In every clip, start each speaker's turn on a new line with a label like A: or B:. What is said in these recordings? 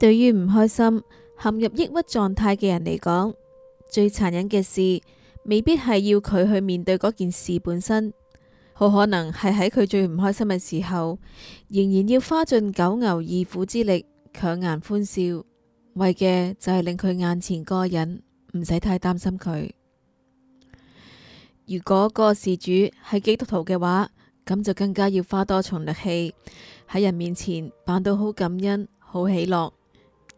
A: 對於唔開心、陷入抑鬱狀態嘅人嚟講，最殘忍嘅事未必係要佢去面對嗰件事本身，好可能係喺佢最唔開心嘅時候，仍然要花盡九牛二虎之力強顏歡笑，為嘅就係令佢眼前嗰個人唔使太擔心佢。如果個事主係基督徒嘅話，咁就更加要花多重力氣喺人面前扮到好感恩、好喜樂。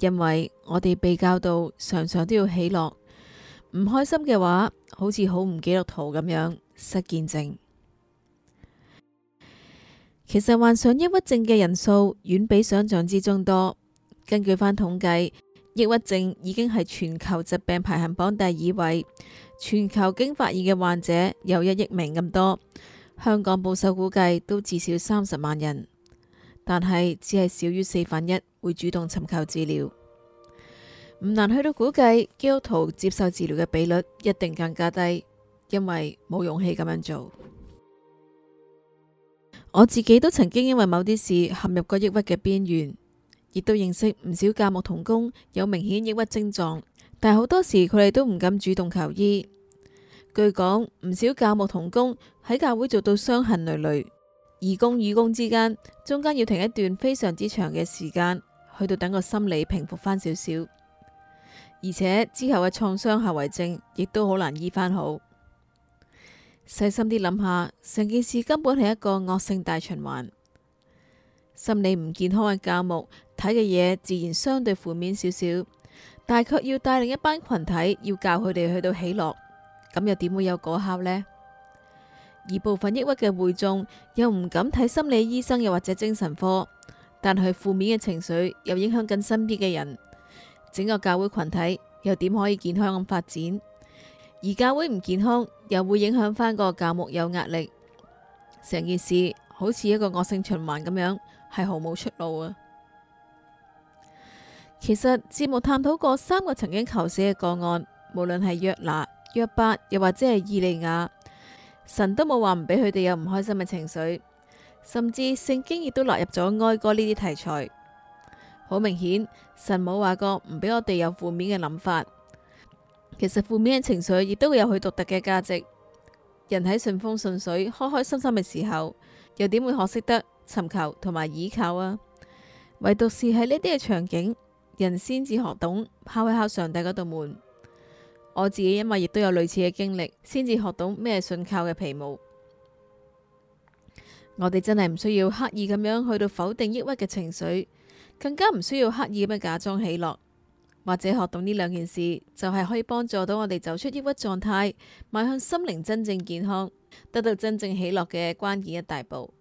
A: 因為我哋被教到常常都要喜樂，唔開心嘅話好似好唔基督徒咁樣，失見證。其實患上抑鬱症嘅人數遠比想象之中多。根據翻統計，抑鬱症已經係全球疾病排行榜第二位，全球經發現嘅患者有一億名咁多，香港保守估計都至少三十萬人，但係只係少於四分一會主動尋求治療。唔難去到估計，基督徒接受治療嘅比率一定更加低，因為冇勇氣咁樣做。 我自己都曾經因為某啲事陷入過抑鬱嘅邊緣，亦都認識唔少教牧同工有明顯抑鬱症狀，但係好多時佢哋都唔敢主動求醫。據講，唔少教牧同工喺教會做到傷痕累累，義工與義工之間中間要停一段非常之長嘅時間，去到等個心理平復返少少。而且之後嘅創傷後遺症亦都好難醫翻好。細心啲諗下，成件事根本係一個惡性大循環。心理唔健康嘅教牧睇嘅嘢自然相對負面少少，但係卻要帶領一班群，群體，要教佢哋去到喜樂，咁又點會有果效呢？而部分抑鬱嘅會眾又唔敢睇心理醫生，又或者精神科，但係負面嘅情緒又影響緊身邊嘅人。整個教會群體又點可以健康咁發展？而教會唔健康，又會影響翻個教牧有壓力。成件事好似一個惡性循環咁樣，係毫無出路啊！其實節目探討過三個曾經求死嘅個案，無論係約拿、約伯，又或者係伊利亞，神都冇話唔俾佢哋有唔開心嘅情緒，甚至聖經亦都納入咗哀歌呢啲題材。好明顯，神冇話過唔俾我哋有負面嘅諗法。其實負面嘅情緒亦都會有佢獨特嘅價值。人喺順風順水、開開心心嘅時候，又點會學識得尋求同埋倚靠啊？唯獨是喺呢啲嘅場景，人先至學懂敲一敲上帝嗰道門。我自己因為亦都有類似嘅經歷，先至學懂咩信靠嘅皮毛。我哋真係唔需要刻意咁樣去到否定抑鬱嘅情緒。更加唔需要刻意咁假裝喜樂，或者學懂呢兩件事，就係可以幫助到我哋走出抑鬱狀態，邁向心靈真正健康，得到真正喜樂嘅關鍵一大步。